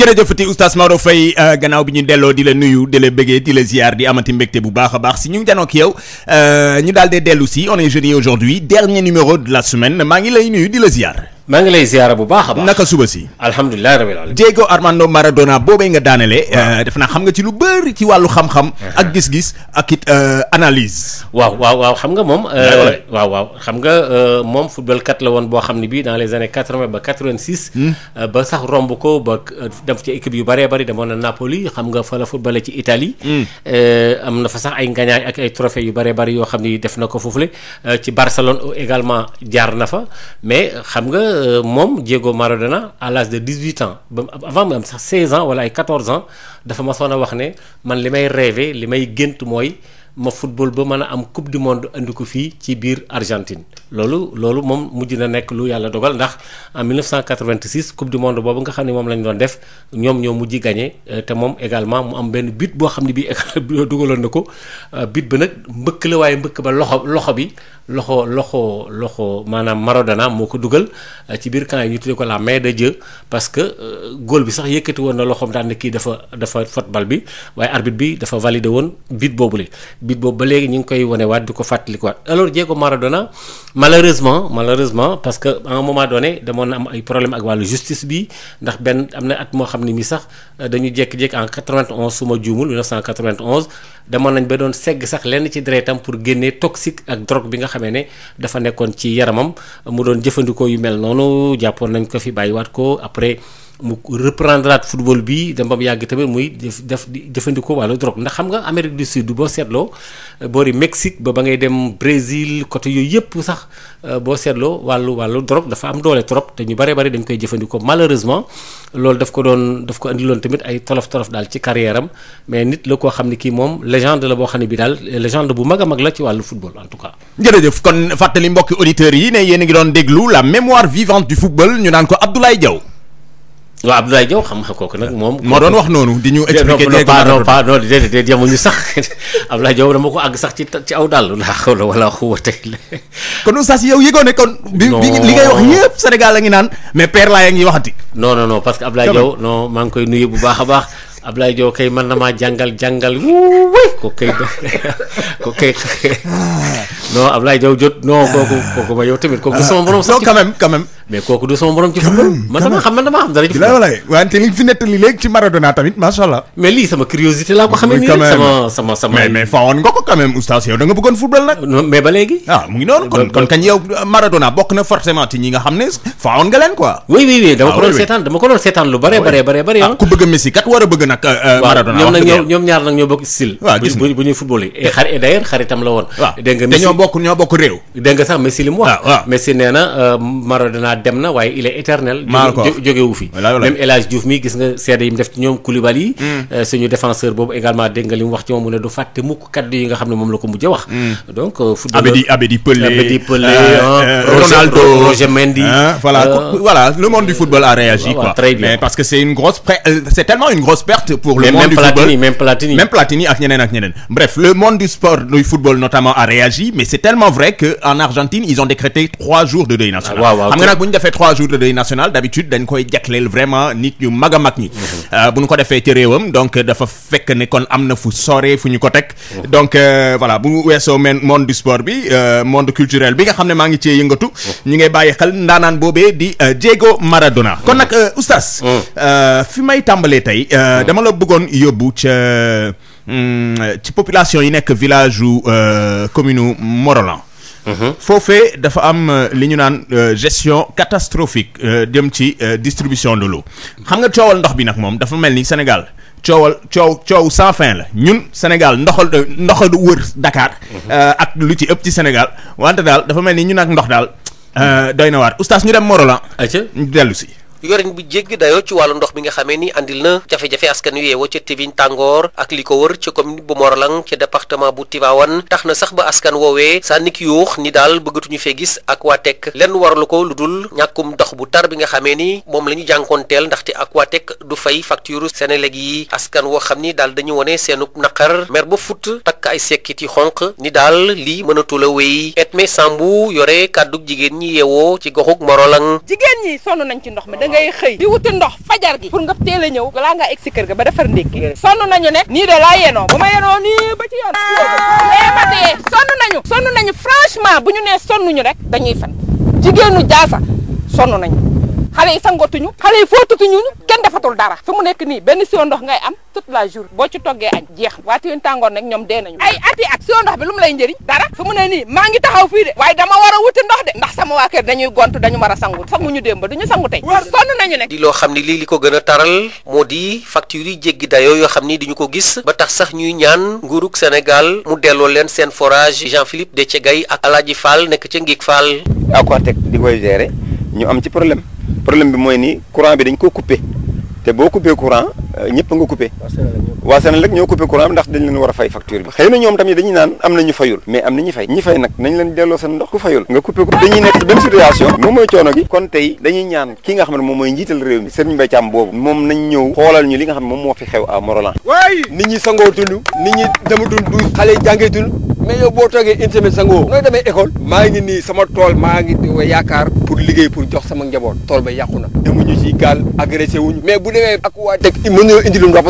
jërëjëfati oustaz Maodo fay euh, gannaaw bi ñu delloo di la nuyu di la bëggee di la ziar di amati mbégte bu baax a baax si ñu ngi janook yow euh, ñu daal di dellu si on est jeudi aujourd'hui dernier numéro de la semaine maa ngi lay nuyu di la ziar. maa ngi lay ziyaara bu baax a baax naka suba si. alhamdulilah rabbil alamin Diego Armando Maradona boobee nga daanele. waaw eh, def naa xam nga ci lu bëri ci wàllu xam-xam. Uh-huh. ak gis-gis ak it eh, analyse. waaw waaw waaw xam nga moom. Eh, waaw waaw xam nga moom football kat la woon boo xam ne bii dans les années quatre vingt ba quatre vingt six. Hmm. ba sax romb ko ba dem ci équipe yu bëree bëri demoon na Napoli xam nga fa la footballé ci Italie. Hmm. am na fa sax ay ngañaay ak ay trophées yu bëree bëri yoo xam ni def na ko foofule. ci Barcelone également jaar na fa mais xam nga. que euh, moom Diego Maradona à l'âge de dix huit ans ba avant mu am sax seize ans wala ay quatorze ans dafa ma soon a wax ne man li may rêvé li may gént mooy. ma football ba mën a am coupe du monde indi ko fii ci biir Argentine loolu loolu moom mujj na nekk lu yàlla dogal ndax en 1986 coupe du monde boobu nga xam ne moom lañ doon def ñoom ñoo mujj gagné euh, te moom également mu am benn but boo xam ne bii dugaloon na ko euh, biit ba nag mbëkk la waaye mbëkk ba loxo loxo bi loxo loxo loxo maanaam Maradona moo ko dugal euh, ci biir camp yi ñu tuddee ko la main de jë parce que góol bi sax yëkkati woon na loxoom daan ne kii dafa dafa football bi waaye arbitre bi dafa validé woon but boobule. bit boobu ba léegi ñu ngi koy wanewaat du ko fàttalikuwaat alors Diego Maradona malheureusement malheureusement parce que à un moment demoon am ay problème ak wàllu justice bi ndax benn am na at moo xam ne mii sax euh, dañu jékki-jékki en 91 su ma juumul 1991 demoon nañ ba doon segg sax lenn ci deretam pour génnee toxique ak drogue bi nga xamee ne dafa nekkoon ci yaramam mu doon jëfandikoo yu mel noonu jàppoon nañ ko fi bàyyi waat ko après. mu reprendre football bi dem yàgg tamit muy def def jëfandikoo wàllu drogue ndax xam nga Amérique du Sud boo seetloo euh, boori Mexique ba ba ngay dem Brésil côté yooyu yëpp sax euh, boo seetloo wàllu wàllu drogue dafa am doole trop te ñu bare bare dañ koy jëfandikoo malheureusement loolu daf ko doon daf ko indiloon tamit ay tolof tolof daal ci carrière am mais nit la koo xam ne kii moom légende la boo xam ne bi daal légende bu mag a mag la ci wàllu football en tout cas. jërëjëf kon fàttali mbokki auditeurs yéen ngi doon déglu la mémoire vivante naan ko Abdoulaye Diaw. waaw Abdoulaye Diaw xam nga kooku nag moom. moo doon wax noonu di ñu eh, expliquer. dégg nga non pas non déedéet déedéet yemuñu sax Abdoulaye Diaw dama ko àgg sax ci ci aw dàll. laa xaw la wala xuwate. kon oustaz yow yëgoon ne kon. bi bi li ngay wax yëpp Sénégal la ngi naan mais per laa yaa ngi waxati. non non non parce que Abdoulaye Diaw non maa ngi koy nuyu bu baax a baax. Ablaye Diop kay mën na maa jàngal jàngal wuuy ko kay ko kay non Ablaye Diop jot non kooku kooku ba yow tamit kooku du sama borom sax non quand même quand même dama ko xamee seetaan dama ko doon seetaan lu bare ah, bare bare bare ah, ah. ku bëgg Messi kat war a bëgg nag ak euh, euh, Maradona waaw ñoom ñoom ñaar nag ñoo bokk style. waaw gis nga bu ñuy footballé eh, xar eh, d'ailleurs xaritam la woon. waaw dégg nga Messi te ñoo bokk ñoo bokk réew. dégg nga sax Messi li mu wax. Messi nee euh, Maradona dem na waaye il est éternel. maa fi. même El Hadj mi gis nga seede yi mu def ci ñoom Koulibaly yi. Mm. suñu défenseur boobu également dégg li mu wax ci moom mu ne du fàtte mukk kaddu yi nga xam ne moom la ko mujjee wax. Mm. donc football Abedi Abedi Pelé Abedi Pelé Ronaldo Roger Mendy voilà le monde du football a réagi quoi très plate pour le Platini, football Platini ak ñeneen ak ñeneen bref le monde du sport du football notamment a réagi mais c'est tellement vrai que en Argentine ils ont décrété trois jours de deuil national ah, xam nga nag bu defee trois jours de deuil national d'habitude dañ koy jagleel vraiment nit ñu mag a mag ñi mhm. euh, bu ñu ko defee ci réewam donc dafa fekk ne kon am na fu sore fu ñu ko teg mhm. donc euh, voilà bu weesoo men monde du sport bi euh, monde culturel bi nga xam ne maa ngi cee yëngatu mhm. dama la bëggoon yóbbu ca mm, ci population yi nekk village u euh, commune Morolan mhm. foofee dafa am euh, li ñu naan euh, gestion catastrophique dem ci distribution de l'eau xam nga coowal ndox bi nag moom dafa mel ni Sénégal coowal coow coow sans fin la ñun Sénégal ndoxal ndoxal wër Dakar mhm. ak lu ci ëpp ci Sénégal wante daal dafa mel ni ñun ak ndox daal doy na waar oustaz ñu dem Morolan dellu si yorin bu jégg dayoo ci wàllu ndox bi nga xamee ni indil na jafe-jafe askan wi yeewoo ca Tiviñ tàngoor ak li ko wër ci commune bu Morolan ci département bu tibaawan tax na sax ba askan woowee sànni ki yuux ni daal bëggatuñu fee gis Aquatech lenn waralu ko lu dul ñàkkum ndox bu tar bi nga xamee ni moom la ñu jànkoonteel ndaxte Aquatech du fay seen Senelec yi askan woo xam ni daal dañu wane seenub naqar mer ba fut takk ay sekkit yi xonq ni daal lii mënatula wéy Etmé Sambou yore kàddug jigéen ñi yeewoo ci goxug Morolan jigéen nañ ci ndox mi ngay xëy di wuti ndox fajar gi pour nga teel a ñëw balaa ngaa egg si kër ga ba defar ndékki nañu ne nii de laa yenoo bu ma yenoo nii ba ci yoon mais ba tey sonn nañu sonn nañu franchement bu ñu nee sonn ñu rek dañuy fen jigéenu jaasa sonn nañu xale yi sangootuñu xale yi fóotatuñu kenn defatul dara fu mu nekk nii benn siwo ndox ngay am toute la jour boo ci toggee añ jeex waati yéen tàngoor nag ñoom dee nañu ay ati at siwo ndox bi lu mu lay njëriñ dara fi mu ne nii maa ngi taxaw fii de waaye dama war a wuti ndox de ndax sama waa kër dañuy gontu dañu war a sangu sanguñu démb ba duñu sangu tey sonn nañu ne di loo xam ni lii li ko gën a taral moo di factures yi jéggi dayo yoo xam ni di ñu ko gis ba tax sax ñuy ñaan nguurug Sénégal mu delloo leen seen forage Jean-Philippe Déthié Gaye ak Alaaji Fall nekk ca Ngig Fall di koy ñu am ci problème problème bi mooy ni courant bi dañ ko coupé te boo coupé courant ñëpp nga coupé waa Senelec ñoo coupé courant ndax dañ leen war a fay facture bi xëy na ñoom tamit dañuy naan am na fayul mais am na fay nag nañ nii sama tool maa ngi yaakaar pour liggéey pour jox sama njaboot tool ba yàqu na demuñu ci gaal agressé wuñu mais bu demee ak waa teg ñëw indi lu ndox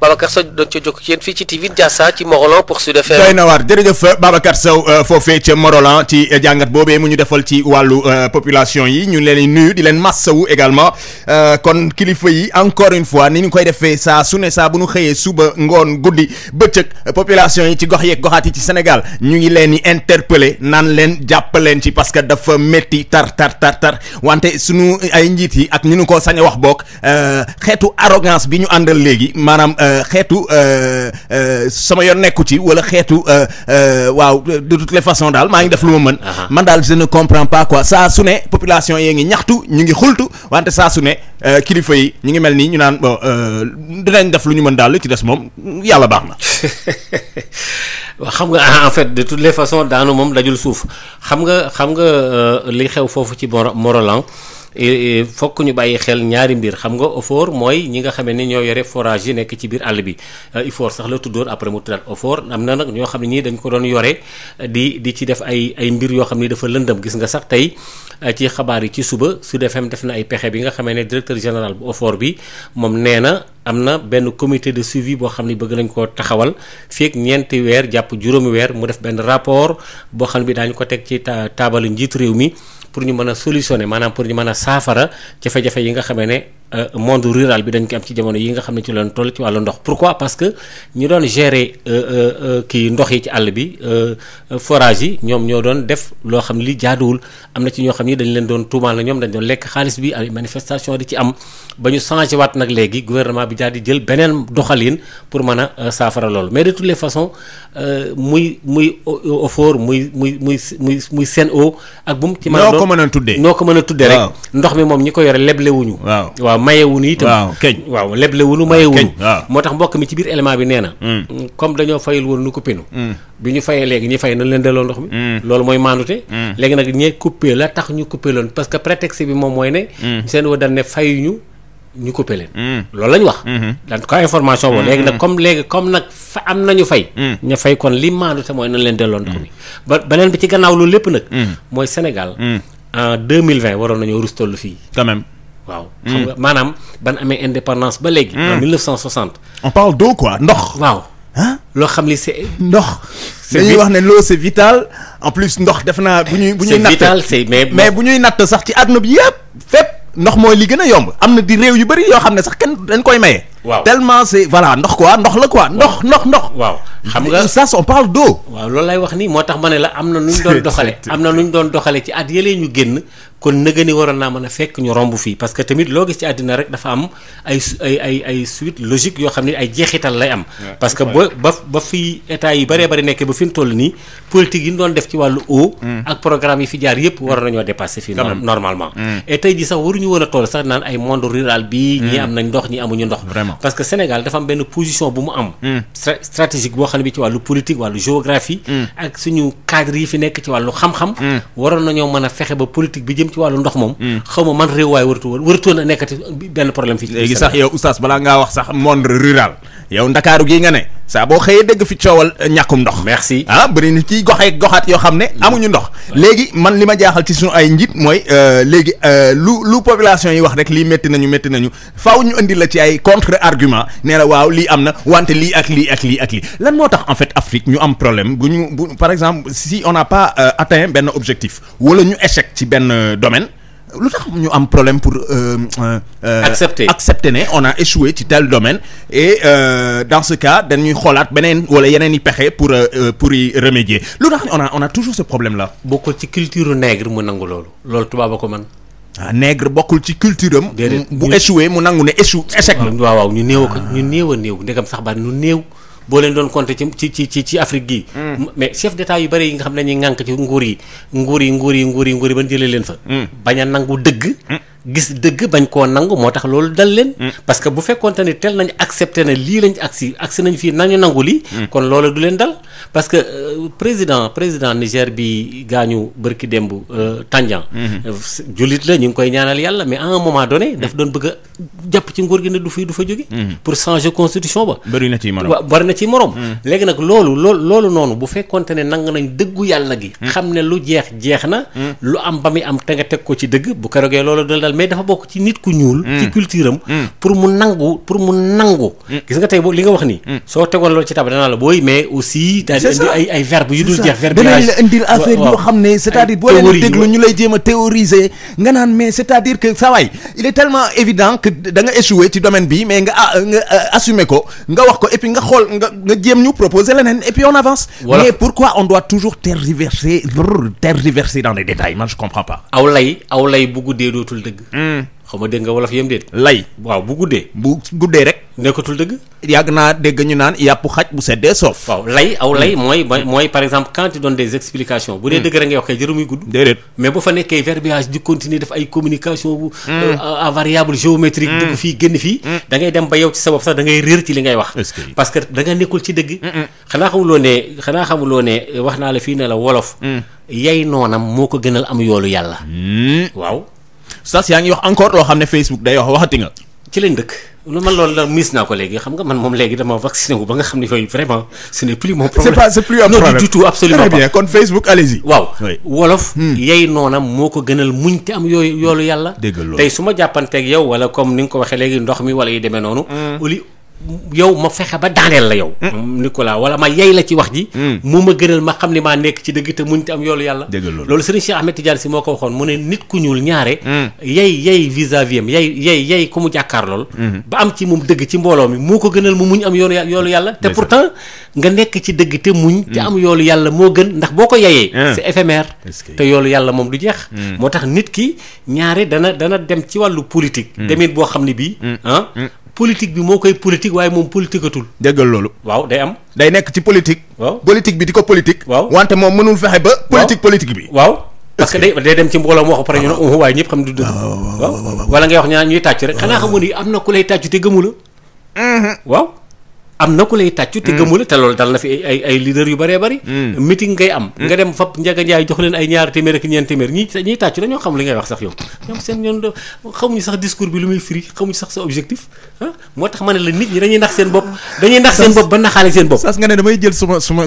parce que ah, fii ci TV Diassa ci Morolan pour Sud FM doy na waar jërëjëf euh, Babacar Sow euh, ci euh, jàngat boobee yi ñu leen nuyu di leen massawu également kon kilifa yi encore une fois ni ñu koy defee saa su ne saa bu nu xëyee suba ngoon guddi bëccëg population yi ci gox yeeg goxaat yi ci Sénégal ñu ngi leen di interpeller naan leen jàppaleen ci parce que dafa métti tar tar tar tar wante suñu ay njiit yi ak ñu nu ko sañ a wax boog euh, xeetu arrogance bi ñu àndal léegi maanaam euh, xeetu euh, sama yoon nekku ci wala xeetu waaw de toutes les façons daal maa ngi def lu ma mën. man daal je ne comprends pas quoi saa su ne population yee ngi ñaxtu ñu ngi xultu wante saa su ne kilifa yi ñu ngi mel nii ñu naan bon dinañ def lu ñu mën daal ci des moom yàlla baax na. xam nga ah, en fait de toutes les façons daanu moom dajul suuf xam nga xam nga li xew foofu ci Morolan. fokk ñu bàyyi xel ñaari mbir xam nga OFOR mooy ñi nga xamee ne ñoo yore forage yi nekk ci biir àll bi euh, IFOR sax la tuddoon après mu tuddaat OFOR am na nag ñoo xam ne ñii dañ ko doon yore di di ci def ay ay mbir yoo xam ne dafa lëndëm gis nga sax tey euh, ci xabaar yi ci suba su FM def na ay pexe bi nga xamee ne directeur général bu OFOR bi moom nee na am na benn commité de suivi boo xam ne bëgg nañ koo taxawal feek ñeenti weer jàpp juróomi weer mu def benn rapport boo xam bi daañu ko teg ci taabalu njiitu réew mi pour ñu mën a solutionner maanaam pour ñu mën a saafara jafe-jafe yi nga xamee ne Euh, monde rural bi dañ ko am ci jamono yi nga xam ne ci loon toll ci wàllu ndox pourquoi parce que ñu doon gérer euh, euh, kii ndox yi ci àll bi forage yi ñoom ñoo doon def loo xam ne li jaaduwul am na ci ñoo xam ni dañ leen doon tuumaal na ñoom dañ doon lekk xaalis bi ay manifestation di ci am ba ñu changé waat nag léegi gouvernement bi daal di jël beneen doxalin pour mën a saafara loolu mais de toutes les façons muy muy effort muy muy muy muy muy Sen'Eau ak bu mu ci mën a doon ko mën a tuddee noo ko mën a tuddee ndox mi moom ñi ko yore leblewuñu mayewunu itam waaw keñ waaw leblewunu mayewunu moo tax mbokk mi ci biir élément bi nee na mm. comme dañoo fayul woon nu coupé nu mm. bi ñu fayee léegi ñi fay nañ leen delloo ndox mi mm. loolu mooy la wa dañ ne fayuñu ñu coupé leen loolu lañ wax daan mm-hmm. ko information boobu mm-hmm. léegi nag comme léegi comme nag fa am nañu fay ña fay kon li maandute mooy nañ leen delloo ndox mi ba beneen bi ci gannaaw loolu lépp nag mooy Sénégal waroon nañoo rus toll fii waaw. Hmm. xam nga maanaam ban amee indépendance ba léegi. Hmm. en 1960. on parle d'eau quoi ndox. waaw ah loo xam li c'est ndox. se dañuy wax ne l'eau vital en plus ndox def naa bu ñuy bu ñuy. c'est vital mais mais bu ñuy natt sax ci àdduna bi yëpp fépp ndox mooy li gën a yomb am na di réew yu bari yoo xam ne sax kenn dañ koy maye. waaw tellement c'est voilà ndox quoi ndox la quoi ndox ndox ndox. waaw xam nga sa son parle d'eau. waaw loolu lay wax nii moo tax ma ne la am na nu ñu doxale am na nu ñu doon doxale ci at yëlee ñu génn kon nëgë ni waroon naa mën a fekk ñu romb fii parce que tamit loo gis àddina rek dafa am ay ay suite logique yoo xam ne ay jeexital lay am. parce que ba ba ba fii état yi bëree bëri nekkee ba fi mu toll nii politique yi ñu doon def ci wàllu eau. Mm. ak programme yi fi jaar yëpp war nañoo dépasser fii. normalement mm. et tey ji sax waruñu woon a toll sax naan ay monde rural bi ñii mm. am nañ ndox ñi amuñu ndox parce que Sénégal dafa am benn position bu mu am. Hmm. stratégique boo xam ne bi ci wàllu politique wàllu géographie. Hmm. ak su suñu cadre yi fi nekk ci wàllu xam-xam. Hmm. waroon nañoo mën a fexe ba politique bi jëm ci wàllu ndox moom. xaw ma man réew waay waratu woon waratu a nekkati benn problème fii. léegi sax yow oustaz balaa ngaa wax sax monde rural. yow ndakaaru gii nga ne saa boo xëyee dégg fi coowal eh, ñàkkum ndox merci ah bëri na ci goxee goxaat yoo xam ne mm. amuñu ndox léegi man li ma jaaxal ci suñu ay njiit mooy euh, léegi euh, lu lu population yi wax rek lii métti nañu métti nañu faw ñu indi la ci ay contre argument nee la waaw lii am na wante lii ak lii ak lii ak lii lan moo tax en fait Afrique ñu am problème bu ñu par exemple si on n'a pas euh, atteint benn objectif wala ñu échec ci benn domaine lu tax ñu am problème pour. Euh, euh, euh, accepter accepter ne on a échoué ci tel domaine. et dans ce cas dañuy xoolaat beneen wala yeneen i pexe pour pour y remédier lu tax on a on a toujours ce problème la bokkul ci culture u nègre mu nangu loolu. loolu tubaab a ko man ah bokkul ci culture am. bu échoué mu nangu ne échou échec ah, waaw waaw ñu néew a ko ñu néew a néew ndegam sax ba nu néew. boo leen doon compter ci ci ci ci Afrique gii. Hmm. mais chef d'état yu bëri yi nga xam ne ñuy ŋànk ci nguur yi nguur yi nguur yi nguur yi nguur yi ban jëlee leen fa. Hmm. bañ a nangu dëgg. Hmm. gis dëgg bañ koo nangu moo tax loolu dal leen. Mm. parce bu fekkoonte ni tel nañ accepté ne lii lañ agsi agsi nañ fii nañu nangu lii. Mm. kon loolu du leen dal parce euh, président président Niger bi gaañu bërki démb euh, Tandian. Mm-hmm. Euh, jullit la ñu ngi koy ñaanal yàlla mais à un moment donné. Mm. daf doon bëgg a jàpp ci nguur gi ne du fi du fa jóge. Mm-hmm. pour changer constitution ba. bëri na ci morom bëri na ci morom. léegi nag loolu loolu loolu noonu bu fekkoonte ne nangu nañ dëggu yàlla gi. xam ne lu jeex jeex na. lu am mais dafa bokk ci nit ku ñuul. Mm. ci culture am. Mm. pour mu nangu pour mu nangu. Mm. gis nga tey boo li nga wax nii. soo tegoon loolu ci table danaa la booy mais aussi. daal ay ay verbe yu la indil affaire yoo xam ne c'est-à-dire boo leen déglu ñu lay jéem a théoriser nga naan mais c'est-à-dire que saa waay il est tellement évident que da nga échoué ci domaine bi mais nga ah, nga euh, assumer ko nga wax ko et puis nga xool nga nga jéem ñu proposer leneen et puis on avance. mais pourquoi on doit toujours tergiverser tergiverser dans les détails man je comprends aw lay aw lay bu dëgg dëgg. xaw ma dégg nga wolof yem déet. lay waaw bu guddee. bu guddee rek. nekkatul dëgg. yàgg naa dégg ñu naan yàpp xaj bu seddee soof. waaw lay aw hmm. lay mooy mooy par exemple quand tu des explications. bu dee hmm. dëgg rek ngay wax kay jërë muy gudd. déedéet mais bu fa nekkee verbiage di continuer def ay communication bu. Hmm. Euh, à variable géométrique. dugg fii génn fii. da ngay dem ba yow ci sa bopp sax da ngay réer ci li ngay wax. parce que da nga nekkul ci dëgg. xanaa xamuloo ne xanaa xamuloo ne wax naa la fii ne la wolof. yay noonam moo ko gënal am yoolu yàlla. sas yaa ngi wax encore loo xam ne Facebook day wax waxati nga. ci lañ dëkk lu man loolu la miis naa ko léegi xam nga man moom léegi dama vacciné wu ba nga xam ne yooyu vraiment ce n'est plus mon problème. c'est pas du tout absolument kon Facebook allez-y. waaw wolof. Hmm. yey noonam moo ko gënal muñ te am yooyu yoolu yàlla. dégg loolu tey su ma jàppanteeg yow wala comme ni nga ko waxee léegi ndox mi wala yi demee noonu. Hmm. yow ma fexe ba daaneel la yow. Mm. Nicolas wala ma yey la ci wax ji. Mm. mu ma gënal ma xam ni maa nekk ci dëgg te muñ te am yoolu yàlla. dëgg loolu loolu Serigne Cheikh Ahmed Tidiane si moo ko waxoon mu ne nit ku mm. mu jàkkaar lool. Mm-hmm. ba am ci moom dëgg ci mbooloo mi moo ko gënal mu muñ am yoolu yoolu yàlla. te pourtant nga nekk ci dëgg te muñ. te am yoolu yàlla moo gën ndax boo ko yeyee. c'est éphémère. te yoolu yàlla moom du jeex. moo tax nit ki ñaare dana dana dem ci wàllu politique. demin boo xam ne bii. Ah, politique bi moo koy politique waaye moom politikatul. déggal loolu. waaw day am. day nekk ci politique. waaw politique bi di ko politique. waaw wante moom mënul fexe ba. politique politique bi. waaw parce que day day dem ci mbooloo mu wax ba pare ñu ne ah. oh, waaye ñëpp xam du dëgg. Ah, waaw wala ngay wax ñaan ñuy tàcc rek. Ah. xanaa xamoon ni am na ku lay tàcc te gëmu la. Mhm. waaw. am na ku lay tàccu te mm. gëmula te loolu dal na fi ay ay leader yu bëree bëri mm. meeting ngay am mm. nga dem fab njaga jox leen ay ñaari téeméer ak ñeenti téeméer ñi ñiy tàccu dañoo xamuñu sax discours bi lu muy firi xamuñu sax sa objectif ah moo tax ma ne la nit ñi dañuy nax seen bopp dañuy nax seen bopp ba naxaale seen bopp sas nga ne damay jël suma suma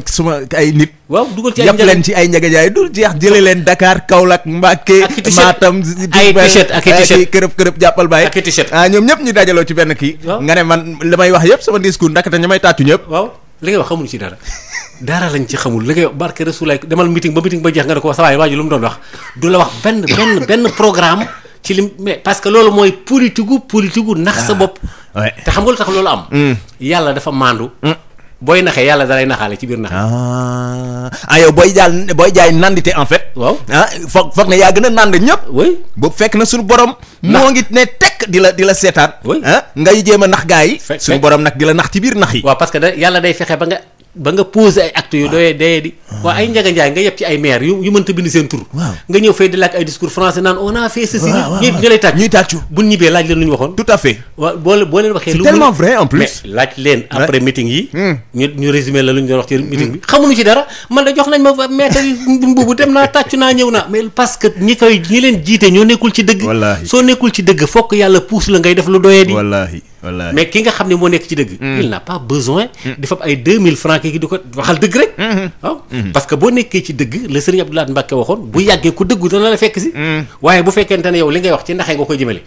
ay nit waaw dugal ci ay yàpp leen ci ay njaga njaay dul jeex jële leen Dakar Kaolack Mbàkke Matam ay t-shirt ak t t-shirt ña may tàccu ñëpp. waaw li ngay wax xamuñu ci dara dara lañ ci xamul li ngay wax barke Rasulaay demal meeting ba meeting ba jeex nga ne ko sa waay waa lu mu doon wax du la wax benn benn benn programme. ci lim mais parce que loolu mooy politique gu politique gu nax sa ah. bopp. te xam nga lu tax loolu am. Hmm. yàlla dafa maandu. Hmm. booy naxee yàlla dalay naxaale ci biir nax ah. ah yow booy jaal booy jaay nandite en fait waaw ah foog yaa gën a nànd ñëpp oui boobu fekk na suñu borom moo ngi ne tekk di la di la seetaan ah ngay jéem a nax gaa yi suñu borom nag di la nax ci biir nax yi waaw parce da yàlla day fexe ba nga ba nga posé ay actes yu doyee dayee di ah. waaw ay njaga nga yeb ci ay maire yu yu mënta bind seen tur nga ñëw fay di làkk ay discours français naan on a fait ceci ñi ñu lay tàcc ñuy tàccu buñ ñibbee laaj leen lu ñu waxoon tout hmm. ñu ñu résumé la lu ñu doon wax ci hmm. meeting bi xamuñu ci dara man da jox nañ ma maître boobu dem naa tàccu naa ñëw naa mais parce que koy ñi leen jiite ñoo nekkul ci dëgg soo nekkul ci dëgg fokk yàlla puus la ngay def lu doyee di mais ki nga xam ne moo nekk ci dëgg. Hmm. il n'a pas besoin. Hmm. di fab ay 2000 francs kii di ko waxal dëgg rek. waaw hmm. ah. boo nekkee ci dëgg la sëriñ Abdoulaye Mbacke waxoon bu yàggee ku dëggu dana la fekk si. waaye bu fekkente ne yow li ngay wax ci ndaxee nga koy jëmale.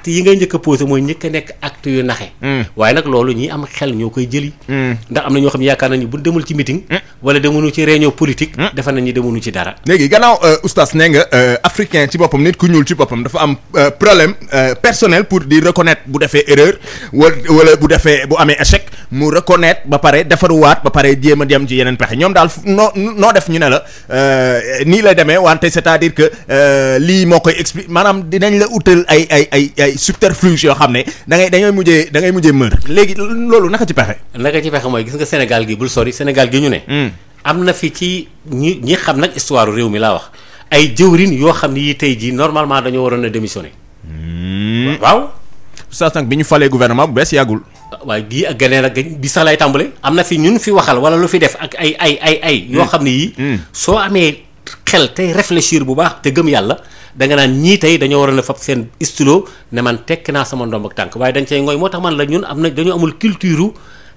acte yi ngay njëkk a posé mooy njëkk nekk acte yu naxe hmm. waaye nag loolu ñi am xel ñoo koy jëli hmm. ndax am na ñoo xam yaakaar nañu bu demul ci meeting hmm. wala demunu ci réunion politique dafa nañu demunu ci dara léegi gannaaw euh, oustaz nee nga euh, africain ci boppam nit ku ñuul ci boppam dafa am euh, problème personnel pour di reconnaître bu defee erreur wala bu defee bu amee échec mu reconnaître ba pare waat ba pare jéem a dem ci yeneen pexe ñoom daal noo noo def ñu ne la nii lay demee wante c'est-à-dire que lii moo koy explique maanaam dinañ la utal ay ay ay ay ay subterfuge yoo xam ne da ngay da ngay mujjee da mujjee mër léegi loolu naka ci pexe. naka ci pexe mooy gis nga Sénégal gi bul sori Sénégal gi ñu ne. Hmm. am na fi ci ñi ñi xam nag histoire réew mi laa wax ay jëwrin yoo xam ne yi tey jii normalement dañoo waroon a démissionner. Hmm. waaw. saa sànq bi ñu falee gouvernement bu bees yàggul. waaye gii ak ganeen ak bi sax lay tàmbale am na fi ñun fi waxal wala lu fi def ak ay ay ay ay hmm. yoo xam ne yii. soo amee xel tey réfléchir bu baax te gëm yàlla. da naan ñii tey dañoo waroon a fab seen stylo ne man tekki naa sama ndomb ak tànk waaye dañ cay ngooy moo tax man la ñun am na dañoo amul culture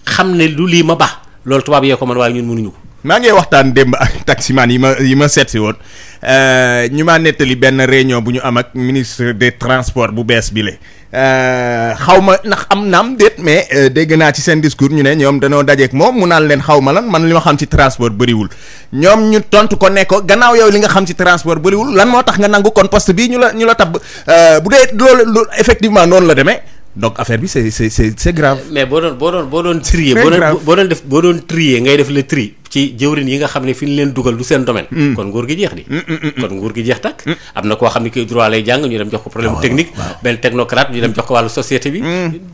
xam ne lu lii ma baax loolu tubaab yee ko man waaye ñun mënuñu ko. maa ngi waxtaan démb ak taximaan yi ma yi ma seet si woon euh, ñu maa nettali benn réunion bu ñu am ak ministre des transports bu bees bi Euh, xaw ma ndax am naam déet mais euh, dégg naa ci seen discours ñu ne ñoom dañoo dajeek moom mu naan leen xaw ma lan man li ma xam ci transport bëriwul ñoom ñu tontu ko nekko ko gannaaw yow li nga xam ci transport bëriwul lan moo tax nga nangu kon poste bi ñu la ñu la tabb euh, bu dee loolu effectivement noonu la demee. donc affaire bi c'est c'est c'est grave. mais boo doon boo doon boo doon trier. boo doon boo doon def ngay def le tri. ci jëwrin yi nga xam ne fi ñu leen dugal du seen domaine mm. kon nguur gi jeex di mm, mm, kon nguur gi jeex takk am na koo xam ne kii droit lay jàng ñu dem jox ko problème ah, technique benn technocrate ñu dem jox ko wàllu société bi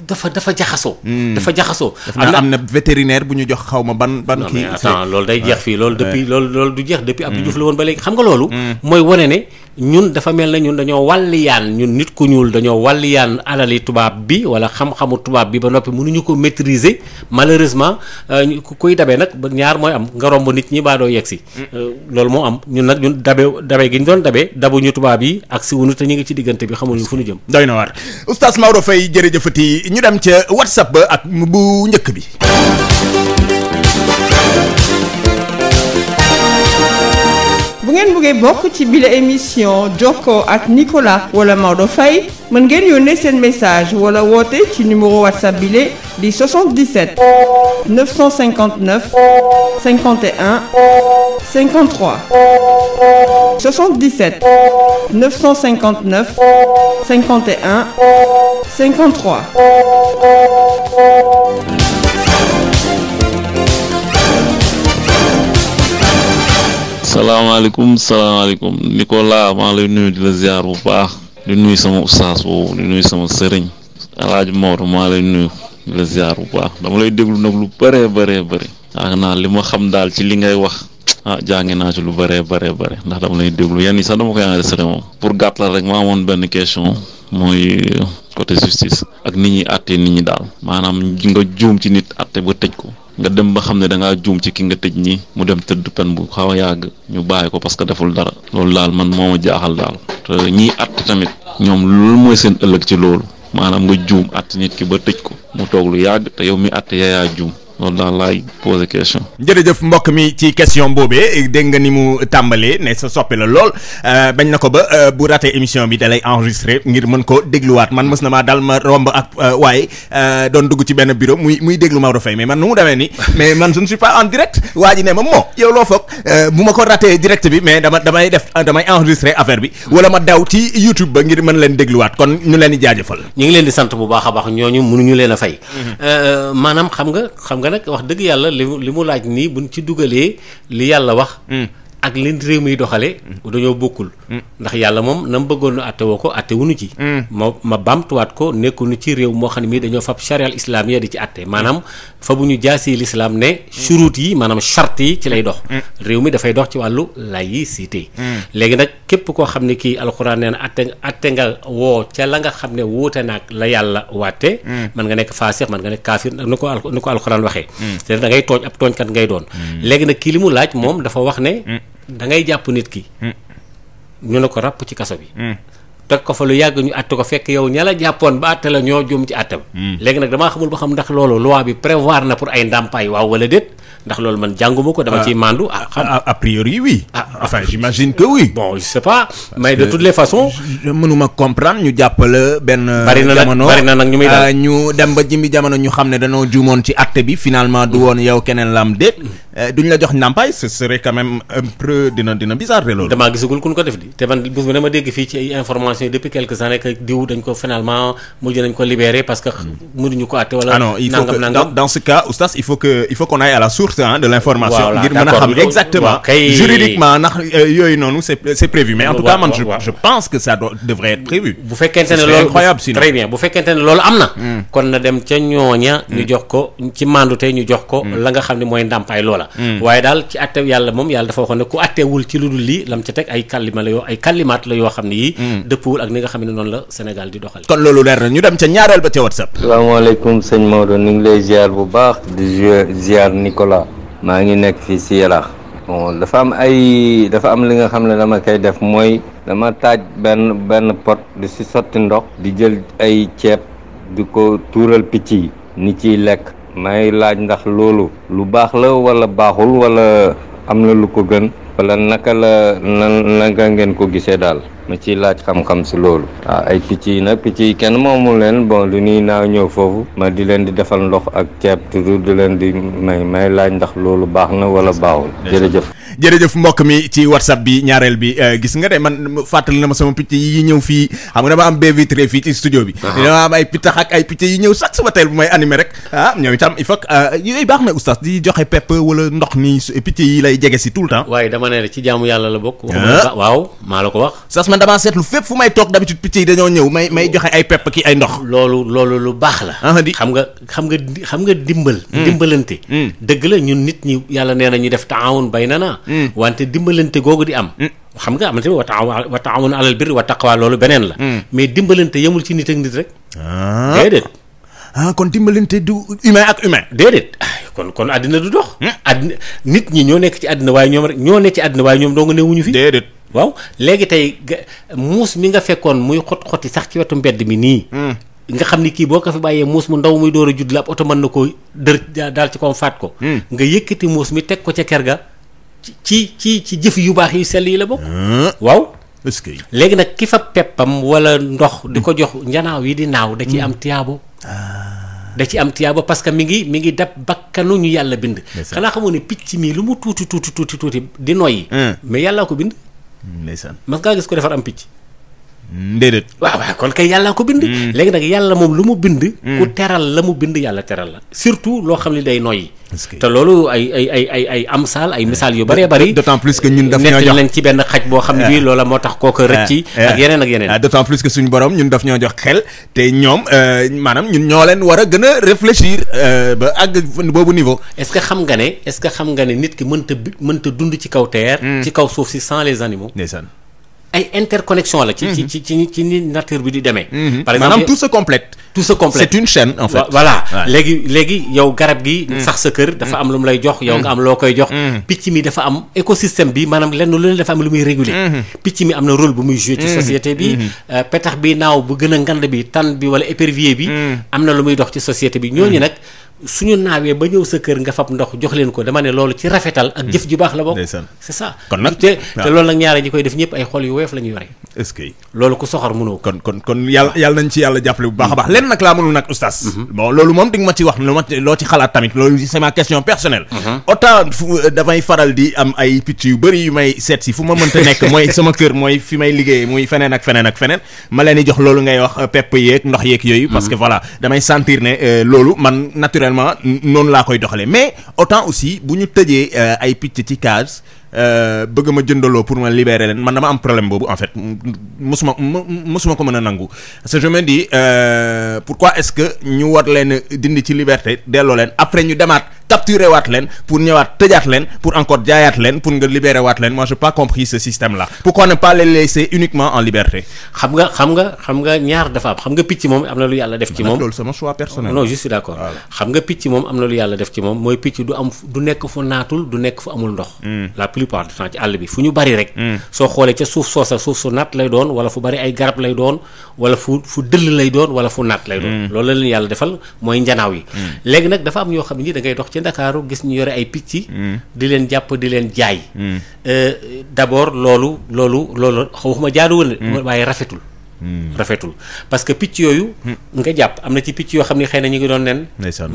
dafa dafa jaxasoo dafa jaxasoo am na am na vétérinaire bu ñu jox xaw ma ban ban kii attends loolu day jeex fii loolu depuis loolu loolu du jeex depuis Abdou Diouf la woon ba léegi xam nga loolu mooy wane ne ñun dafa mel na ñun dañoo wàlliyaan ñun nit ku ñuul dañoo walliyaan alali tubaab bi wala xam-xamu tubaab bi ba noppi mënuñu ko maîtriser malheureusement euh, kuy dabee nag ba ñaar mooy am nga romb nit ñi baa doo yegg mm. euh, loolu moo am ñun nag ñun dabe dabe gi ñu doon dabe dabu ñu tubaab yi ak si wunu te ñu ngi ci diggante bi xamuñu fu ñu jëm doy na waar oustaz Maodo Faye jërëjëfati ñu dem ca whatsapp ba ak bu njëkk bi bu ngeen bëggee bokk ci bile émission jokkoo ak Nicolas wala Maodo Faye mën ngeen yónnee seen message wala woote ci numéro whatsapp bile di 77 959 51 53 77 959 51 53 salaamaaleykum salaamaaleykum Nicolas maa lay nuyu di la ziar bu baax di nuyu sama ustaas boobu di nuyu sama sëriñ Alaaji Maodo maa lay nuyu di la ziar bu baax dama lay déglu nag lu bëree bëree bëri naa li ma xam daal ci li ngay wax ah jàngi naa ci lu bëree bëree bëri ndax dama lay déglu yenn yi sax dama koy enregistré moom pour gàttal rek ma amoon benn question mooy côté justice ak nit ñi àtte nit ñi daal maanaam nga juum ci nit àtte ba tëj ko. nga dem ba xam ne da ngaa juum ci ki nga tëj nii mu dem tëdd pen bu xaw a yàgg ñu bàyyi ko parce que deful dara loolu laal man moo jaaxal daal te ñii att tamit ñoom loolu mooy seen ëllëg ci loolu maanaam nga juum att nit ki ba tëj ko mu toog lu yàgg te yow mi att yaayaa juum. loolu daal laay posé question. jërëjëf mbokk mi ci question boobee dégg nga ni mu tàmbalee ne sa soppe la lool euh, bañ na ko ba euh, bu raté émission bi dalay enregistré ngir mën ko dégluwaat man mës na maa dal ma romb ak euh, waaye doon dugg ci benn bureau muy muy déglu Maodo Faye mais man nu mu demee ni mais man je ne suis pas en direct waa ji ne ma moo yow loo foog bu ma ko raté direct bi mais dama damay def damay enregistré affaire bi hmm. wala ma daw ci YouTube ba ngir mën leen dégluwaat kon ñu leen di jaajëfal. ñu ngi leen di sant bu baax a baax ñooñu mënuñu leen a fay. Hmm. nga nag wax dëgg yàlla li mu li mu laaj nii buñ ci dugalee li yàlla wax. Hmm. ak li réew mi doxalee. Hmm. dañoo bokkul. ndax yàlla moom na mu bëggoon atte woo ko atte wuñu ci mm. ma ma bamtuwaat ko nekkunu ci réew moo xam ne mii yi maanaam charte yi ci lay dox mm. réew mi dafay dox ci wàllu laïcité mm. léegi nag képp koo xam ne kii alxuraan nee na atte atte nga woo ca la nga xam ne wuute naag la yàlla waate man nga nekk faasix man nga nekk kaafir ni ko al ni ko alxuraan waxee te da ngay tooñ ab tooñkat ngay doon léegi nag kii li mu laaj moom dafa wax ne da jàpp nit ki ñu ne ko ràpp ci kaso bi. Mm. teg ko fa lu yàgg ñu àtte ko fekk yow ñala jàppoon ba àtte la ñoo jum ci àttam. Mm. léegi nag damaa xamul ba xam ndax loolu loi bi prévoir na pour ay ndàmpaay waaw wala déet ndax loolu man jànguma ko dama ah. ci mandu ah, ah xam a priori oui. ah, ah. enfin j'imagine que oui. pas mais de toutes les façons. mënuma comprendre ñu jàppale benn. Euh, bari na nag bari na nag ñu muy daal ñu dem ba jimbi jamono ñu xam ne dañoo juumoon ci àtte bi finalement du mm. woon yow keneen la am déet. Euh, duñ la jox ndàmpaay ce serait quand même un peu dina bizarre de damaa gisagul ku ko def di te man bés bu dama dégg fii ci ay yi depuis quelques années que diw dañ ko finalement mujj nañ ko libérer parce que mënuñu ko àtte wala. Ah nangam nangam dans ce cas oustaz il faut que il faut à la source de l'information. ngir mën a xam exactement juridiquement ndax euh, noonu c'est c'est prévu mais en tout cas man ne loolu incroyable na. Hmm. kon na dem ca ñooña. ñu hmm. jox ko ci mandu tey ñu jox ko. Hmm. la nga xam ne mooy ndàmpaay loola. Mm. waaye daal ci atte yàlla moom yàlla dafa waxoon ne ku attewul ci lu dul lii lam ca teg ay kalima la yoo ay kalimaat la yoo xam ne yii mm. dëppwul ak ni nga xam ne noonu la Sénégal di doxal kon loolu leer na ñu dem ca ñaareel ba ca WhatsApp salaamaaleykum sëñ Maodo ñu ngi lay ziar bu baax di ziar Nicolas maa ngi nekk fii si Yarax dafa am ay dafa am li nga xam ne dama koy def mooy dama taaj benn benn pot di si sotti ndox di jël ay ceeb di ko tuural picc yi ni ciy lekk may laaj ndax loolu lu baax la wala baaxul wala am na lu ko gën wala naka la na naka ngeen ko gisee daal ma ciy laaj xam-xam si loolu waaw ah, ay picc yi nag picc yi kenn moomul leen bon lu ñuy naaw ñëw foofu ma di leen di defal ndox ak ceeb toujours di leen di may may laaj ndax loolu baax na wala baaxul jërëjëf jërëjëf mbokk mi ci whatsapp bi ñaareel bi euh, gis nga de man fàttali na ma sama picc yi ñëw fii xam nga dama am baie vitrée fii ci studio bi dama am ay pitax ak ay picc yi ñëw sax suba teel bu may animé rek ah ñoom itam il faut euh, yooyu baax na oustaz di joxe pepp wala ndox nii picc yi lay jege si tout le temps waaye dama ne ci jaamu yàlla la bokk ah. man damaa seetlu fépp fu may toog d'habitude picc yi dañoo ñëw may may oh. joxe ay pepp ki ay ndox. loolu loolu lu baax la. Ah, xam nga xam nga xam nga dimbal. Hmm. dimbalante. Hmm. dëgg la ñun nit ñi yàlla nee na ñu def taawun bay na naa. Hmm. wante dimbalante googu di am. xam nga am na tamit wa taaw wa taawun alal birri wa taqwa loolu beneen la. mais dimbalante yemul ci nit ak nit rek. Ah. déedéet. Ah, kon dimbalante du humain ak humain. déedéet kon kon àddina du dox. àddina nit ñi ñoo nekk ci àddina ñoo nekk ci àddina waaye ñoom dong newuñu fi. déedéet. waaw léegi tey muus mi nga fekkoon muy xot xoti sax ci wetu mbedd mi nii. Hmm. nga xam ni kii boo ko fi bàyyee muus mu ndaw muy door a judd la ab oto mën na koo dër daal ci koom faat ko. Hmm. nga yëkkati muus mi teg ko ca ker ga. ci ci ci jëf yu baax yu sell yi la bokk. Hmm. waaw. est léegi nag ki fa peppam wala ndox. di ko jox njanaaw yi di naaw. da ci am tiyaabo. Ah. da ci am tiyaabo parce que mi ngi mi ngi dab bakkanu ñu yàlla bind. xanaa xamoo ne picc mii lu mu tuuti tuuti tuuti tuuti di noyyi. mais yàllaa ko bind. ndeysaan mas ngaa gis ko defar am picc. déedéet. waaw waaw kon kay yàlla ko bind. Mm. léegi nag yàlla moom lu mu bind. Mm. ku teral la mu bind yàlla teral la. surtout loo xam ne day noyyi. te loolu ay ay ay ay ay amsaal ay misaal yu bëree bëri. d'autant plus que ñun daf ñoo jox leen ci benn xaj boo xam ne bii ah. loola moo tax kooku rëcc. Ah. ak yeneen ak yeneen. Ah, d'autant plus que suñu borom ñun daf ñoo jox xel te ñoom euh, maanaam ñun ñoo leen war a gën a réfléchir euh, ba àgg boobu niveau. est-ce que xam nga ne est-ce que xam nga ne nit ki mënta mënta dund ci kaw terre. Hmm. ci kaw suuf si sans les animaux. ay interconnexion la. ci mhm. ci ci ci ni nature bi di demee. Mhm. par exemple maanaam tout sa complète. tout se complète c'est une chaîne en fait. voilà léegi léegi yow garab gi. Mhm. sax sa kër dafa am lu mu lay jox. yow nga am loo koy jox. picc mi dafa am écosystème bi maanaam lenn lu ne dafa am lu muy réguler. picc mi am na rôle bu muy jouer ci société bi. Euh, petax bi naaw bu gën a ngande bi tan bi wala épervier bi. am na lu muy dox ci société bi ñooñu nag. suñu naawee ba ñëw sa kër nga fab ndox jox leen ko hmm. yu woyof la ñu a baax hmm. lenn nag laa mënul nag oustaz hmm. ma ci wax lu ma loo ci xalaat tamit loolu c'est ma question personnelle autant fu euh, damay faral di am ay picc yu bëri yu damay sentir ne euh, loolu man naturel ma noonu laa koy doxalee mais autant aussi bu ñu tëjee euh, ay picc ci case euh, bëgg ma jëndaloo pour ma libérer leen man dama am problème boobu en fait mosuma mosuma ko mën a nangu parce que je me dis euh, pourquoi est-ce que ñu war leen dindi ci liberté delloo leen après ñu demaat. capturer waat leen pour ñëwaat tëjaat leen pour encore jaayaat leen pour nga libérer waat leen moi j'ai pas compris ce système là pourquoi ne pas les laisser uniquement en liberté. xam nga xam nga xam nga ñaar dafa am xam nga picc moom am na lu yàlla def ci moom loolu sama choix personnel. non je suis d'accord xam nga picc moom am na lu yàlla def ci moom mooy picc du am du nekk fu naatul du nekk fu amul ndox. Hmm. la plupart du temps ci àll bi fu ñu bari rek. Hmm. soo xoolee ca suuf soosa suuf su naat lay doon wala fu bari ay garab lay doon wala fu fu dëll lay doon wala fu naat lay doon. Hmm. loolu la leen yàlla defal mooy njanaaw yi. léegi nag dafa am ñoo xam ni da ngay dox ci ndaka ndakaaru gis ñu yore ay picc. Mm. di leen jàpp di leen jaay. Mm. Euh, d'abord loolu loolu loolu waxuma jaaduwul. Mm. waaye rafetul. Hmm. rafetul parce que picc yooyu hmm. nga jàpp am na ci picc yoo xam ne xëy na ñu ngi doon nen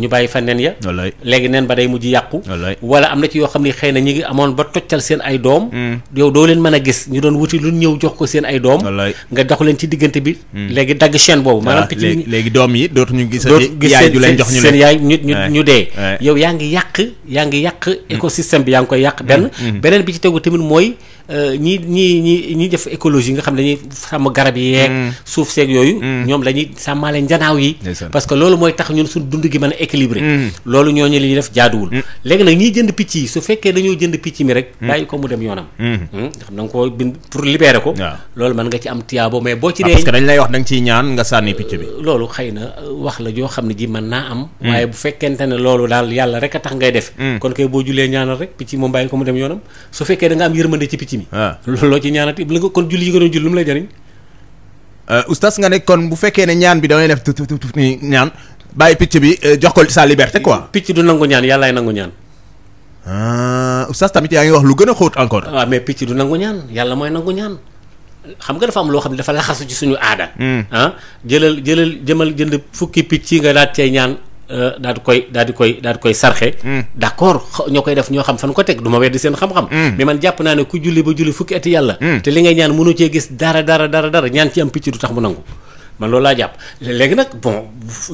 ñu bàyyi fa nen ya léegi nen ba day mujj yàqu wala am na ci yoo xam ne xëy na ñu ngi amoon ba toccal seen ay doom hmm. yow doo mën a gis ñu doon wuti lu ñëw jox ko seen ay doom nga dox leen ci diggante bi léegi dagg chaîne boobu maanaam léegi doom yi dootuñu gis yaay ju leen jox ñu seen yaay ñu ñu ñu dee yow yaa ngi yàq yaa ngi yàq écosystème bi yaa ngi koy yàq benn beneen bi ci tegu tamit mooy euh, ñi ñi ñi ñi def écologie nga xam ne dañuy sàmm garab yee Mm. suuf seeg yooyu mm. ñoom la ñuy sàmmaale njanaaw yi parce que loolu mooy tax ñun suñ dund gi mën a équilibré mm. loolu ñooñu li ñuy def jaaduwul léegi nag ñiy jënd picc yi su fekkee dañoo lay wax da nga ciy ñaan nga sànni picc bi loolu xëy na euh, wax la joo xam ne ji mën naa am waaye bu fekkente ne loolu daal yàlla rek a tax ngay def kon kay boo julee ñaanal rek picc moom bàyyi ko mu dem yoonam su fekkee da am yërmande ci picc mi ah. loo ci ñaanati kon julli Euh, oustaz nga ne kon bu fekkee ne ñaan bi damay def tuut tuut tuut ñaan bàyyi picc bi euh, jox ko sa liberté ko picc du nangu ñaan yàllaay nangu ñaan. Ah, oustaz tamit yaa ngi wax lu gën a xóot encore. waaw ah, mais picc du nangu ñaan yàlla mooy nangu ñaan. xam nga dafa am loo xam ne dafa laxasu ci suñu aada. Hmm. ah jëlal jëlal jëmal jënd fukki picc yi nga daal cay ñaan. Euh, daal di koy daal di koy daal koy sarxe hmm. d' accord ñoo koy def ñoo xam fan ko teg du ma weddi seen xam-xam hmm. mais man jàpp naa ne ku julli ba julli fukki ati yàlla hmm. te li ngay ñaan munu cee gis dara dara dara dara ñaan ci am picc du tax mu nangu man loolu laa jàpp léegi nag bon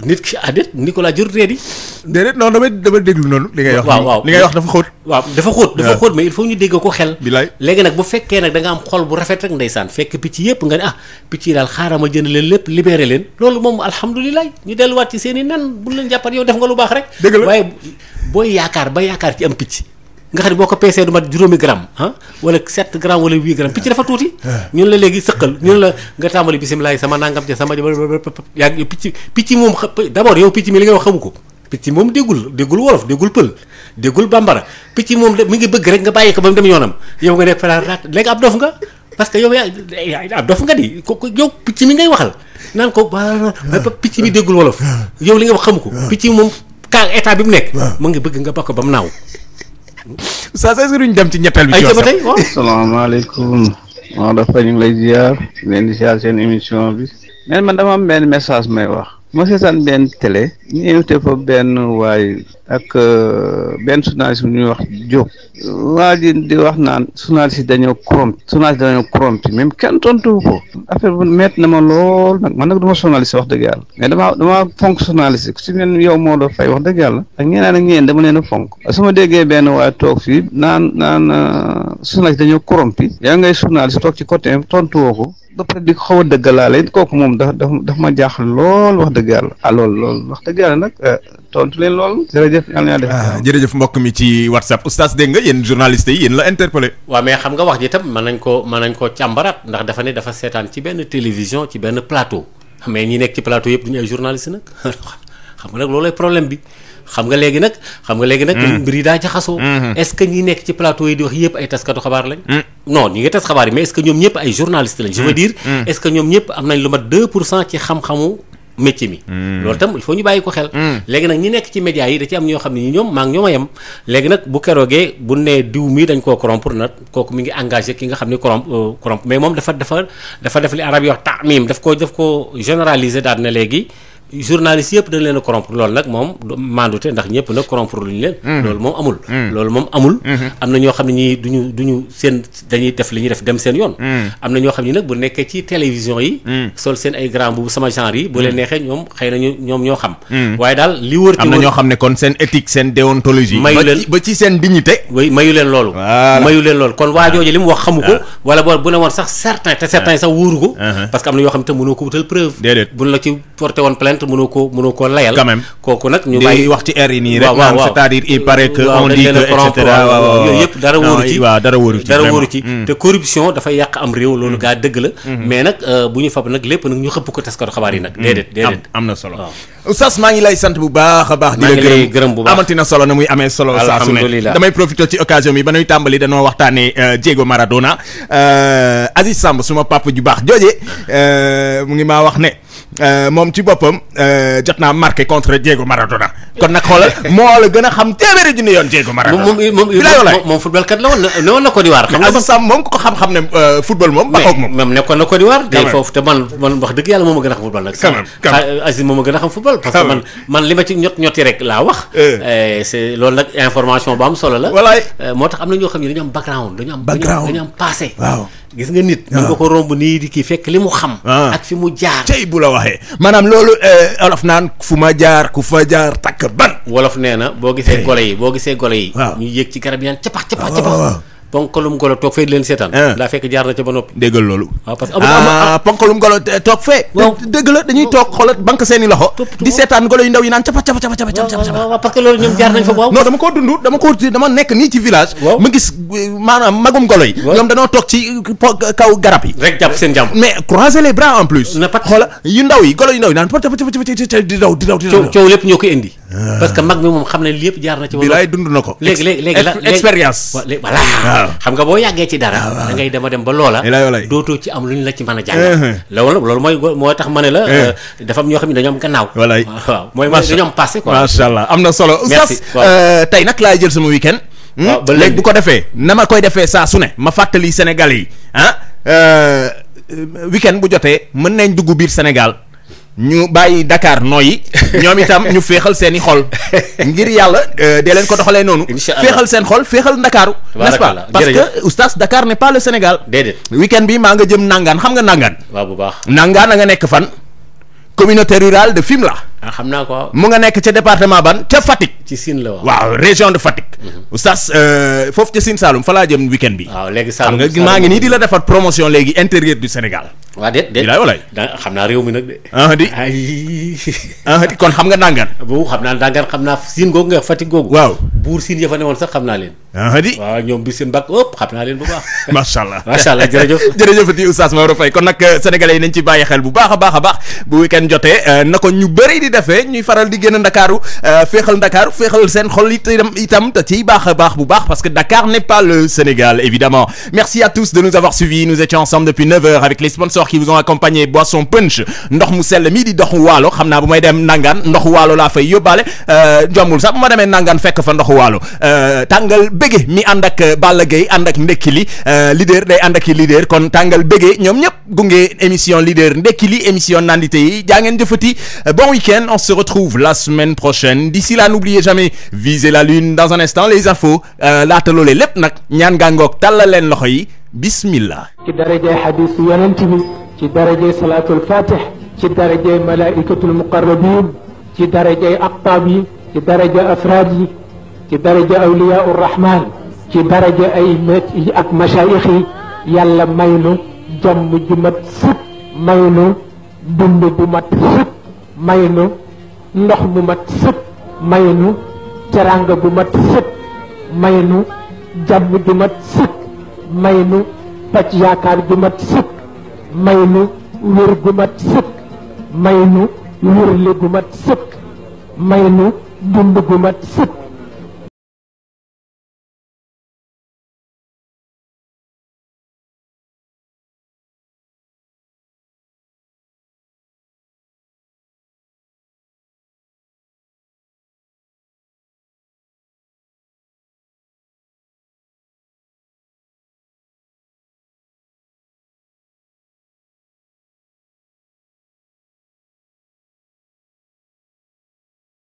nit ki adet ah, Nicolas jur réer yi. déedéet non damay damay déglu noonu. li ngay wax waaw waaw li ngay wax dafa xóot. waaw dafa xóot dafa ah. xóot mais il faut ñu dégg ko xel. bilaay léegi nag bu fekkee nag da am xol bu rafet rek ndeysaan fekk picc yëpp nga ne ah picc yi daal xaaral ma jënd leen lépp libéré leen. loolu moom alhamdulilah ñu delluwaat ci seen i nan bu leen jàppat yow def nga lu baax rek. dëgg la waaye booy yaakaar ba yaakaar ci am picc nga xam ne boo ko peesee du mat juróomi gramme ah wala 7 gramme wala 8 gramme picc dafa tuuti. ñun la léegi sëqal ñun la nga tàmbali bisimilah sama nangam ca sama yaa ngi picc picc moom d' abord yow picc mi li nga wax xamu ko picc moom déggul déggul wolof déggul pël déggul bambara picc moom mi ngi bëgg rek nga bàyyi ko ba mu dem yoonam yow nga nekk fanaan raat léegi ab nga. parce que yow yaa ab dof nga ko yow picc mi ngay waxal naan ko picc mi déggul wolof yow li nga wax xamu ko. picc moom ka état bi mu nekk. mu ngi bëgg nga bakk ba mu naaw. saa saa si duñ dem ci ñetteel bi. ay ba tey waaw salaamaaleykum. Maodo Faye ñu ngi lay ziar leen di ziar seen émission bi. mais man dama am benn message may wax. ma seetaan benn télé ñu invité fa benn waay ak euh, benn journaliste bu ñuy wax joog waa ji di wax naan journaliste yi dañoo corrompu journaliste dañoo corrompu même kenn tontuwu ko affaire bu metti na ma lool nag man nag du ma journaliste wax dëgg yàlla mais damaa damaa fonk journaliste ku si mel yow moo doon fay wax dëgg yàlla ak ñeneen ak ñeneen dama leen a fonk su ma déggee benn waay toog fii naan naan euh, journaliste dañoo corrompu yaa ngay journaliste toog ci côté tontuwoo ko ba pare di xaw a dëggalaale kooku moom daf daf daf ma jaaxal lool wax dëgg yàlla ah lool lool wax dëgg yàlla nag eh, tontu leen lool jërëjëf def ah, jërëjëf mbokk mi ci whatsapp oustaz dégg nga yéen journaliste yi yéen la interpellé waaw mais xam nga wax ji tam mën nañ ko mën nañ ko càmbaraat ndax dafa ne dafa seetaan ci benn télévision ci benn plateau mais ñi nekk ci plateau yëpp duñu ay journaliste nag xam nga nag loolay problème bi xam nga léegi nag xam nga léegi nag hmm. mbir yi daa hmm. est-ce que ñi nekk ci plateau yi di wax yëpp ay taskatu xabaar lañ hmm. non ñi ngi tas xabaar yi mais est-ce que ñoom ñëpp ñëpp am nañ lu mat 2 pour cent ci xam-xamu métier mi loolu tam il faut ñu bàyyi ko xel léegi nag ñi nekk ci média yi da ci am ñoo xam ne ñi ñoom maa ngi ñoom a yem nag bu keroogee bu nee diw mi dañ koo corrompre nag kooku mi ngi engagé ki nga xam ne corrompre euh, corrompre mais moom dafa dafa dafa def li arab yi wax taamim daf ko daf ko généraliser daal na léegi journaliste yëpp dañ leen a corrompre loolu nag moom mandute ndax ñëpp nag corrompre luñu leen loolu moom mm-hmm. loolu moom amul mm-hmm. mm-hmm. am na ñoo xam ne ñi duñu duñu seen dañuy def li def dem seen yoon am na ñoo xam ne ñoo xam waaye daal li wër ci loolu mayu leen loolu kon waa li mu wax xamu ko ah. wala boo bu ne woon sax certain te certain ah. sax wóoru ko uh-huh. parce que am na yoo xam te mënoo ko wutal preuve déedéet bu la ci porté woon plainte plainte mënoo ko mënoo ko layal. quand même kooku nag ñu bàyyi wax ci air yi nii rek. waaw waaw c'est-à-dire il que on dit que waaw yooyu yëpp dara wóoru ci dara wóoru ci mm. te corruption dafay yàq am réew loolu mm. gaa dëgg la. Mm-hmm. mais nag euh, bu ñu fab nag lépp nag ñu xëpp ko taskatu xabaar yi nag. Mm. déedéet déedéet am na solo. oustaz maa ngi lay sant bu baax a baax. di la gërëm bu baax amati na solo na muy amee solo. saa su ne damay profité ci occasion bi ba nuy tàmbali danoo waxtaanee euh, Diego Maradona euh, Aziz Samb suma papa Euh, moom ci boppam euh, jot naa marqué contre Diego Maradona. kon nag xoolal moo la gën a xam téeméeri junni yoon Diego Maradona. moom moom moom football kat la woon ne woon na Côte d'Ivoire. xam nga Sam moom ko xam-xam ne euh, football moom. baxoog moom mais nekkoon na Côte d'Ivoire. day foofu te man wax dëgg yàlla moom a gën a xam football nag. quand même quand même Aziz moom a gën a xam football. parce que man li ma ci ñot ñotti rek laa wax. Eh. c'est loolu nag information bu am solo la. voilà moo tax am na ñoo xam ne dañu am background gis nga nit. waaw nga ah. ko romb nii di kii fekk li mu xam. Ah. ak fi mu jaar. tey bu la waxee maanaam loolu eh, olof naan fu ma jaar ku fu fa jaar takk ban. wolof nee na boo gisee golo yi boo gisee golo yi. ñu yéeg ci garab yi naan cappax cappax ah, cappax. ponkalum golo toog fee di leen seetaan. Eh. daa fekk jaar na ca ba noppi. déggal loolu. waaw ah, parce que ah ponkalum golo toog fee. waaw dëgg la dañuy toog xoolal banque seeni loxo. di seetaan golo yu ndaw yi naan capa capa capa capa capa. parce que loolu ñoom jaar nañ fa waaw. non dama koo dund dama koo dama nekk nii ci village. ma gis maanaam magum golo yi. ñoom danoo toog ci kaw garab yi. rek jàpp seen jàmm. mais croiser les bras en plus. na pat xoolal yu ndaw yi golo yu ndaw yi naan capa capa capa di daw di daw di daw. coow lépp ñoo ko indi parce que mag mi moom xam ne lépp jaar na ci. wala bilaay dund na ko. léegi léegi léegi la expérience. voilà xam nga boo yàggee ci dara. da ngay dama dem ba loola. dootoo ci am lu ñu la ci mën a jàng. loolu loolu mooy moo tax ma ne la. Euh, dafa am ñoo xam ne dañoo am gannaaw. walaay waaw mooy dañoo am passé quoi. macha allah am na solo. merci oustaz euh, tey nag laay jël sama weekend hmm? waaw ba léegi bu ko defee na ma koy defee saa su ne ma fàttali Sénégal yi ah euh, weekend bu jotee mën nañ dugg biir Sénégal ñu bàyyi Dakar nooyi ñoom itam ñu féexal seeni i xol ngir yàlla euh, dee leen ko doxalee noonu. féexal seen xol féexal Ndakaaru. n'est-ce pas parce que oustaz Dakar n'est pas le Sénégal. déedéet week bi maa nga jëm nangaan xam nga nangaan. waaw bu baax nangaan a nga nekk fan. communauté rural de Fimela. ah xam naa ko mu nga nekk ca département ban ca Fatick. ci Sine la waaw région de Fatick. Mhm. oustaz euh, foofu ca Sine Saloum fa laa jëm week-end bi. waaw léegi Saloum maa ngi nii di la defar promotion léegi intérieur du Sénégal. waa déet déet bilaay walaay xam naa réew mi nag de ah di ah di kon xam nga ndàngaan boobu xam naa ndàngaan xam naa siin googu nga Fatick googu waaw buur siin ya fa ne sax xam naa leen ah di waaw ñoom bi seen mbag xam naa leen bu baax macha allah macha allah jërëjëf jërëjëfati oustaz Maodo Faye kon nag euh, sénégalais yi nañ ci bàyyi xel bu baax a baax a baax bu week-end jotee euh, na ko ñu bëri di defee ñuy faral di génn ndakaaru euh, féexal ndakaar féexal seen xol itam itam te baax a baax bu baax parce que Dakar n'est pas le Sénégal évidemment merci à tous de nous avoir suivis nous étions ensemble depuis 9 heures avec les sponsors qui vous ont accompagné ndox mu sell mii di doxu waalo xam naa bu may dem nangaan ndoxu waalo laa fay yóbbaale jombul sax bu ma demee nangaan fekk fa ndoxu waalo tàngal bëgge mi ànd ak euh, Balla Gaye ànd ak ndekki li euh, leader day ànd ak i leader kon tàngal bëgge ñoom ñëpp gunge émission leader ndekki li émission nandite yi jaa ngeen jëfati euh, bon week on se retrouve la semaine prochaine d'ici là n'oubliez jamais viser la lune dans un instant les infos laata loolee lépp nag ñaan gàngoog tàllal leen bismillah ci darajay xadiis yonent bi ci darajay salaatul fatih ci darajay malaikatul muqarrabin ci darajay aqtaab ci darajay ci daraja awliyaa urrahmaan ci daraja ay met ak masaayix yàlla may nu jàmm ju mat may nu dund bu mat sëpp may nu ndox mu mat sëpp may nu teraanga bu mat sëpp may nu jàmm ju mat sëpp may nu paj yaakaar ju mat sëpp may nu wér gu mat sëpp may nu wérle gu mat sëpp may nu dund gu mat sëpp